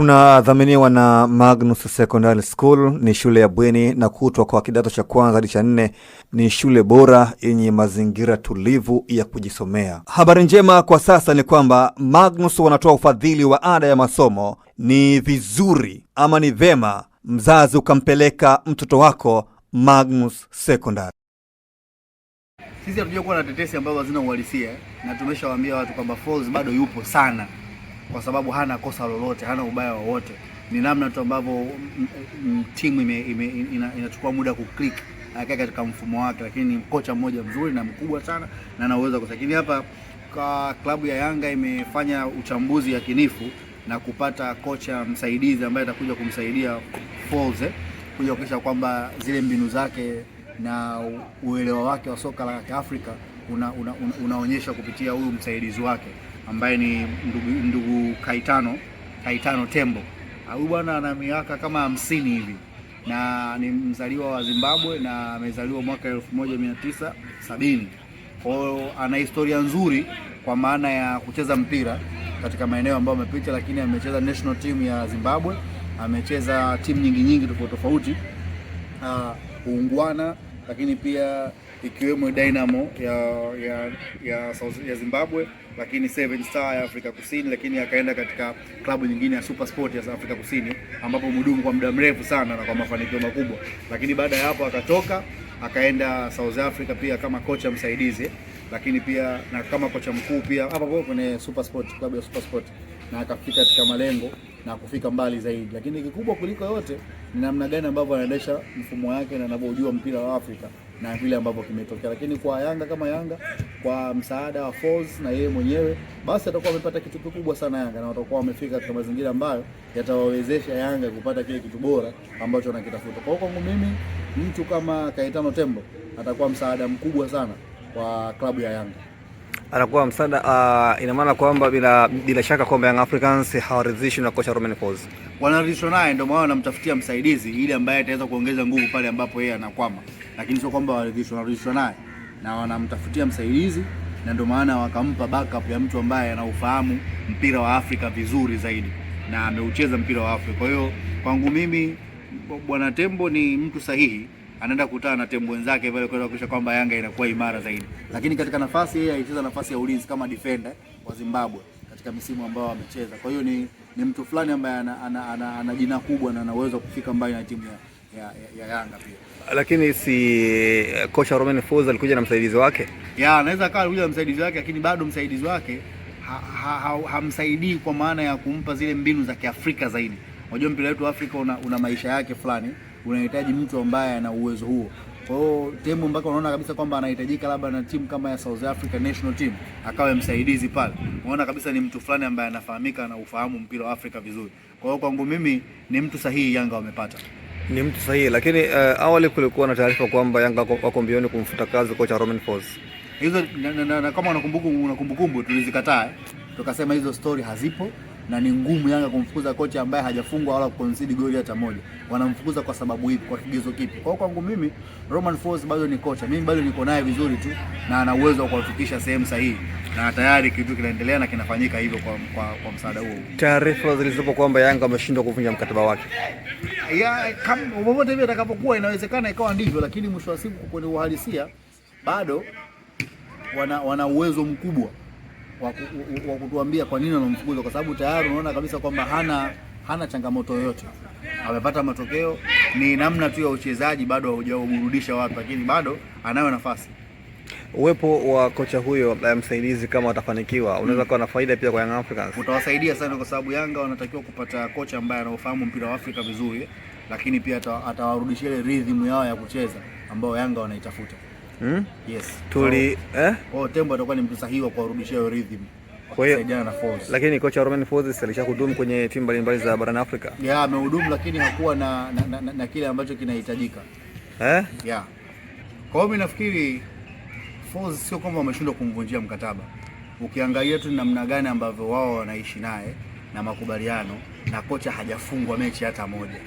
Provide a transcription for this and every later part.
Tunadhaminiwa na Magnus Secondary School. Ni shule ya bweni na kutwa kwa kidato cha kwanza hadi cha nne. Ni shule bora yenye mazingira tulivu ya kujisomea. Habari njema kwa sasa ni kwamba Magnus wanatoa ufadhili wa ada ya masomo. Ni vizuri ama ni vema mzazi ukampeleka mtoto wako Magnus Secondary. Sisi hatujakuwa na tetesi ambazo hazina uhalisia na tumeshawaambia watu kwamba falls bado yupo sana kwa sababu hana kosa lolote, hana ubaya wowote. Ni namna tu ambavyo timu ina, inachukua muda kuklik akae katika mfumo wake, lakini ni kocha mmoja mzuri na mkubwa sana na ana uwezo. Lakini hapa kwa klabu ya Yanga imefanya uchambuzi yakinifu na kupata kocha msaidizi ambaye atakuja kumsaidia Folz kuja kuhakikisha kwamba zile mbinu zake na uelewa wake wa soka la Afrika una, una, una, unaonyesha kupitia huyu msaidizi wake ambaye ni ndugu, ndugu Kaitano Kaitano Tembo. Ah, huyu bwana ana miaka kama hamsini hivi na ni mzaliwa wa Zimbabwe na amezaliwa mwaka 1970. Kwa hiyo ana historia nzuri kwa maana ya kucheza mpira katika maeneo ambayo amepita, lakini amecheza national team ya Zimbabwe, amecheza timu nyingi nyingi tofauti tofauti, ah, uungwana, lakini pia ikiwemo Dynamo ya, ya, ya, ya Zimbabwe lakini Seven Star ya Afrika Kusini, lakini akaenda katika klabu nyingine ya Super Sport ya Afrika Kusini ambapo mudumu kwa muda mrefu sana na kwa mafanikio makubwa, lakini baada ya hapo akatoka akaenda South Africa pia kama kocha msaidizi, lakini pia na kama kocha mkuu pia hapo kwenye Super Sport, klabu ya Super Sport na akafika katika malengo na kufika mbali zaidi, lakini kikubwa kuliko yote ni namna gani ambavyo anaendesha mfumo wake na anavyojua mpira wa Afrika na vile ambavyo kimetokea. Lakini kwa Yanga kama Yanga, kwa msaada wa Folz na yeye mwenyewe, basi atakuwa amepata kitu kikubwa sana Yanga, na watakuwa wamefika katika mazingira ambayo yatawawezesha Yanga kupata kile kitu bora ambacho wanakitafuta. Kwa hiyo kwangu mimi, mtu kama Kaitano Tembo atakuwa msaada mkubwa sana kwa klabu ya Yanga anakuwa msaada uh, ina maana kwamba bila, bila shaka kwamba Young Africans hawaridhishwi na kocha Romain Folz, wanaridhishwa naye, ndio maana wanamtafutia msaidizi ili ambaye ataweza kuongeza nguvu pale ambapo yeye anakwama, lakini sio kwamba wanaridhishwa, wanaridhishwa naye na wanamtafutia msaidizi, na ndio maana wakampa backup ya mtu ambaye anaufahamu mpira wa Afrika vizuri zaidi na ameucheza mpira wa Afrika. Kwa hiyo kwangu mimi Bwana Tembo ni mtu sahihi anaenda kukutana na tembo wenzake pale kwa kuhakikisha kwamba Yanga inakuwa imara zaidi. Lakini katika nafasi yeye alicheza nafasi ya ulinzi kama defender wa Zimbabwe katika misimu ambayo amecheza. Kwa hiyo ni, ni mtu fulani ambaye ana, ana, ana, ana jina kubwa na anaweza kufika mbali na timu ya, ya, ya, ya Yanga pia. Lakini si eh, kocha Romain Folz alikuja na msaidizi wake? Ya, anaweza akawa alikuja na msaidizi wake lakini bado msaidizi wake hamsaidii ha, ha, ha, kwa maana ya kumpa zile mbinu za Kiafrika zaidi. Unajua mpira wetu wa Afrika una, una maisha yake fulani unahitaji mtu ambaye ana uwezo huo. Kwa hiyo timu mpaka unaona kabisa kwamba anahitajika labda na timu kama ya South Africa National Team akawe msaidizi pale. Unaona kabisa ni mtu fulani ambaye anafahamika na ufahamu mpira wa Afrika vizuri. Kwa hiyo kwangu mimi ni mtu sahihi Yanga wamepata. Ni mtu sahihi lakini uh, awali kulikuwa na taarifa kwamba Yanga wako mbioni kumfuta kazi kocha Roman Folz. Hizo na, na, na, kama unakumbuka unakumbukumbu tulizikataa eh. tukasema hizo story hazipo na ni ngumu Yanga kumfukuza kocha ambaye hajafungwa wala kuconcede goli hata moja. Wanamfukuza kwa sababu ipi? Kwa kigezo kipi? Kwa kwangu mimi Roman Falls bado ni kocha, mimi bado niko naye vizuri tu na ana uwezo wa kuwafikisha sehemu sahihi, na tayari kitu kinaendelea na kinafanyika hivyo kwa, kwa, kwa msaada huo. Taarifa zilizopo kwamba Yanga wameshindwa kuvunja mkataba wake ya kama wote hivi atakapokuwa, inawezekana ikawa ndivyo, lakini mwisho wa siku kwenye uhalisia bado wana, wana uwezo mkubwa wa kutuambia kwa nini wanamfukuza, kwa sababu tayari unaona kabisa kwamba hana hana changamoto yoyote, amepata matokeo. Ni namna tu ya uchezaji, bado haujaburudisha watu, lakini bado anayo nafasi. Uwepo wa kocha huyo eh, msaidizi, kama watafanikiwa, unaweza mm. kuwa na faida pia kwa Young Africans, utawasaidia sana, kwa sababu Yanga wanatakiwa kupata kocha ambaye anaofahamu mpira wa Afrika vizuri, lakini pia atawarudishia ile rhythm yao ya kucheza ambayo Yanga wanaitafuta. Mm? Yes. Tuli so, eh? Kwa tembo atakuwa ni mtu sahihi wa hiyo rhythm. Kwa hiyo na Folz. Lakini kocha Romain Folz alishahudumu kwenye timu mbalimbali za barani Afrika. Yeah, amehudumu lakini hakuwa na na, na, na, na kile ambacho kinahitajika. Eh? Yeah. Kwa hiyo mimi nafikiri Folz sio kwamba wameshindwa kumvunjia mkataba. Ukiangalia tu namna gani ambavyo wao wanaishi naye na makubaliano na kocha hajafungwa mechi hata moja.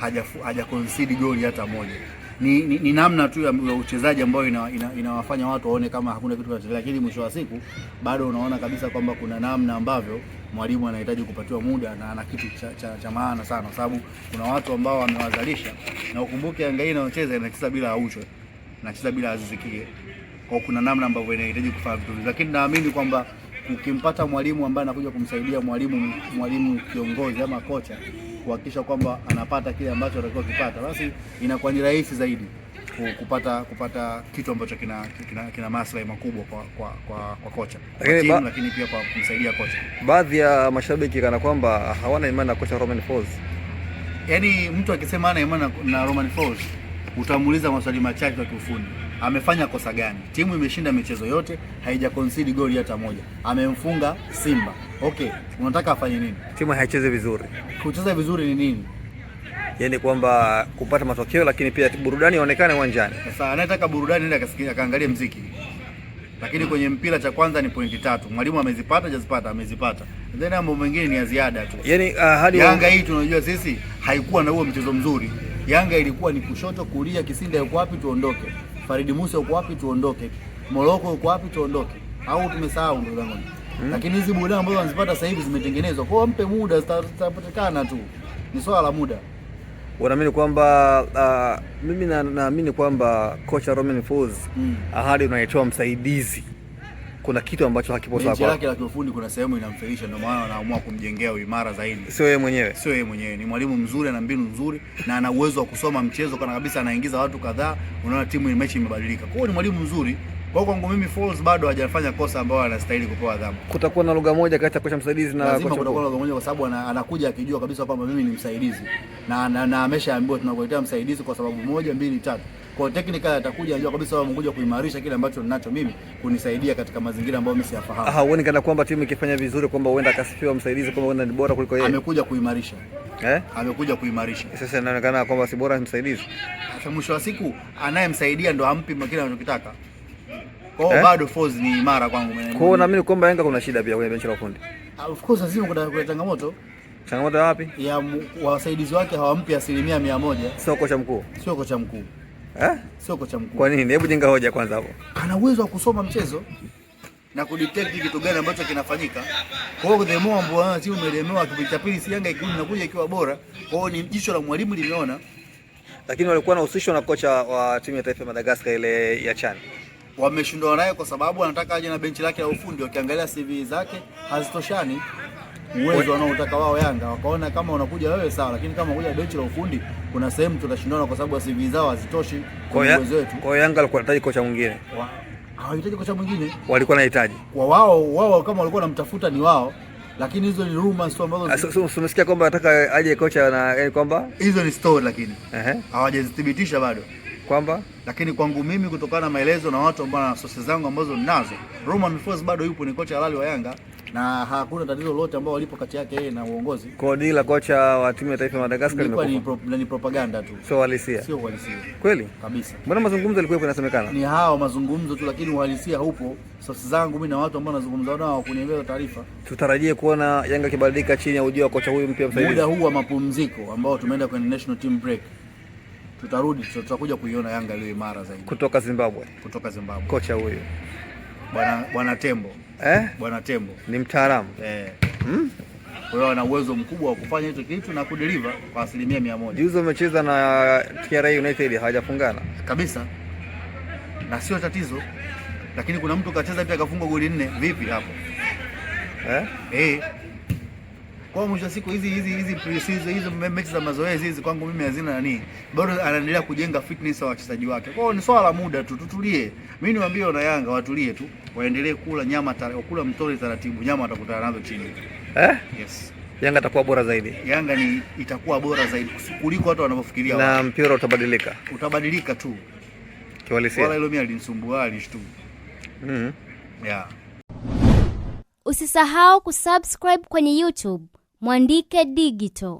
Haja haja concede goal hata moja ni, ni, ni namna tu ya uchezaji ambayo inawafanya ina, ina watu waone kama hakuna kitu kinachoendelea, lakini mwisho wa siku bado unaona kabisa kwamba kuna namna ambavyo mwalimu anahitaji kupatiwa muda na ana kitu cha, cha, cha maana sana, kwa sababu kuna watu ambao wamewazalisha, na ukumbuke Yanga hii inayocheza inacheza bila Aucho, inacheza bila Azizikie, kwa kuna namna ambavyo inahitaji kufanya vitu, lakini naamini kwamba ukimpata mwalimu ambaye anakuja kumsaidia mwalimu mwalimu kiongozi ama kocha kuhakikisha kwamba anapata kile ambacho atakiwa kipata, basi inakuwa ni rahisi zaidi kupata kupata kitu ambacho kina kina, kina maslahi makubwa kwa kwa, kwa, kwa kocha lakini, kwa team, ba... lakini pia kwa kumsaidia kocha. Baadhi ya mashabiki kana kwamba hawana imani na kocha Romain Folz. Yaani mtu akisema ana imani na Romain Folz utamuuliza maswali machache ya kiufundi. Amefanya kosa gani? Timu imeshinda michezo yote, haija concede goli hata moja. Amemfunga Simba Okay, unataka afanye nini? Timu haicheze vizuri. Kucheza vizuri ni nini? Yaani kwamba kupata matokeo lakini pia burudani ionekane uwanjani. Sasa anayetaka burudani ende akasikia akaangalie mziki. Lakini kwenye mpira cha kwanza ni pointi tatu. Mwalimu amezipata, hajazipata, amezipata. Then mambo mengine ni ya ziada tu. Yaani uh, hadi Yanga hii tunajua sisi haikuwa na huo mchezo mzuri. Yanga ilikuwa ni kushoto, kulia, Kisinda yuko wapi tuondoke. Faridi Musa yuko wapi tuondoke. Moroko yuko wapi tuondoke. Au tumesahau ndugu zangu hmm. Lakini hizi bidhaa ambazo wanazipata sasa hivi zimetengenezwa, kwa mpe muda, zitapatikana tu, ni swala la muda. Unaamini kwamba uh, mimi naamini na kwamba kocha Romain Folz mm. ahadi unaitoa msaidizi, kuna kitu ambacho hakipo sawa yake la kiufundi, kuna sehemu inamfelisha, ndio maana anaamua kumjengea uimara zaidi. Sio yeye mwenyewe, sio yeye mwenyewe, ni mwalimu mzuri, ana mbinu nzuri na ana uwezo wa kusoma mchezo kana kabisa, anaingiza watu kadhaa, unaona timu mechi imebadilika. Kwa hiyo ni mwalimu mzuri. Kwa hiyo kwangu mimi Folz bado hajafanya kosa ambalo anastahili kupewa adhabu. Kutakuwa na lugha moja kati ya kocha msaidizi na kocha. lazima kutakuwa na lugha moja kwa sababu anakuja akijua kabisa kwamba mimi ni msaidizi. Na na, na ameshaambiwa tunakuletea msaidizi kwa sababu moja, mbili, tatu. Kwa hiyo technical atakuja anajua kabisa kwamba mkuja kuimarisha kile ambacho ninacho mimi kunisaidia katika mazingira ambayo mimi siyafahamu. Ah, uone kana kwamba timu ikifanya vizuri kwamba huenda akasifiwa msaidizi kwamba huenda ni bora kuliko yeye. Amekuja kuimarisha. Eh? Amekuja kuimarisha. Sasa inaonekana kwamba si bora msaidizi. Sasa mwisho wa siku anayemsaidia ndo ampi kile anachokitaka. Kwa hiyo eh? bado Folz ni imara kwangu mimi. Kwa hiyo naamini kwamba Yanga kuna shida pia kwenye benchi la ufundi. Ah, of course lazima kuna changamoto. Changamoto wapi? Ya wasaidizi wake hawampi asilimia mia moja. Sio kocha mkuu. Sio kocha mkuu. Eh? Sio kocha mkuu. Kwa nini? Hebu jenga hoja kwanza hapo. Ana uwezo wa kusoma mchezo na kudetect kitu gani ambacho kinafanyika. Kwa hiyo the more ambao ana timu imelemewa kipindi cha pili si Yanga ikiwa inakuja ikiwa bora. Kwa hiyo ni jicho la mwalimu limeona. Lakini walikuwa wanahusishwa na kocha wa timu ya taifa ya Madagascar ile ya Chan wameshindwa naye kwa sababu anataka aje na benchi lake la ufundi. Wakiangalia CV zake hazitoshani uwezo wanaotaka wao Yanga, wakaona kama unakuja wewe sawa, lakini kama unakuja benchi la ufundi kuna sehemu tutashindana kwa sababu ya CV zao hazitoshi kwa uwezo wetu. Kwa hiyo Yanga alikuwa anahitaji kocha mwingine, hawahitaji kocha mwingine, walikuwa wanahitaji kwa wao wao, kama walikuwa wanamtafuta ni wao lakini hizo ni rumors tu ambazo ah, umesikia kwamba anataka aje kocha na eh, kwamba hizo ni story, lakini hawajazithibitisha bado kwamba lakini kwangu mimi kutokana na maelezo na watu ambao na sources zangu ambazo ninazo, Roman Force bado yupo, ni kocha halali wa Yanga na hakuna tatizo lolote ambao walipo kati yake yeye na uongozi. Kwa dili la kocha wa timu ya taifa ya Madagascar limekuwa ni, pro, ni propaganda tu, sio uhalisia, sio uhalisia kweli kabisa. Mbona mazungumzo yalikuwa yapo yanasemekana ni hao mazungumzo tu, lakini uhalisia hupo. Sources zangu mimi na watu ambao nazungumza nao wakuniambia taarifa. Tutarajie kuona Yanga kibadilika chini ya ujio wa kocha huyu mpya msaidizi, muda huu wa mapumziko ambao tumeenda kwenye national team break tutarudi, tutakuja kuiona Yanga iliyo imara zaidi. Kutoka Zimbabwe, kutoka Zimbabwe, kocha huyo bwana bwana Tembo eh? Bwana Tembo ni mtaalamu eh. hmm? Kwa hiyo ana uwezo mkubwa wa kufanya hicho kitu na kudeliver kwa asilimia mia moja. Juzi na TRA United hawajafungana kabisa, na sio tatizo, lakini kuna mtu kacheza pia akafunga goli nne, vipi hapo eh? Eh. Kwa hiyo mwisho wa siku hizi hizi hizi hizi hizo mechi za mazoezi hizi kwangu mimi hazina nani, bado anaendelea kujenga fitness wa wachezaji wake. Kwa hiyo ni swala la muda tu, tutulie. Mimi niwaambie wana Yanga watulie tu, waendelee kula nyama, kula mtori taratibu, nyama watakutana nazo chini eh? Yes. Yanga itakuwa bora zaidi. Yanga ni itakuwa bora zaidi kuliko watu wanavyofikiria. Na mpira utabadilika, utabadilika tu kiwalisia. Wala hilo mimi alinisumbua alishtu. Mhm. Yeah. Usisahau kusubscribe kwenye YouTube Mwandike digital.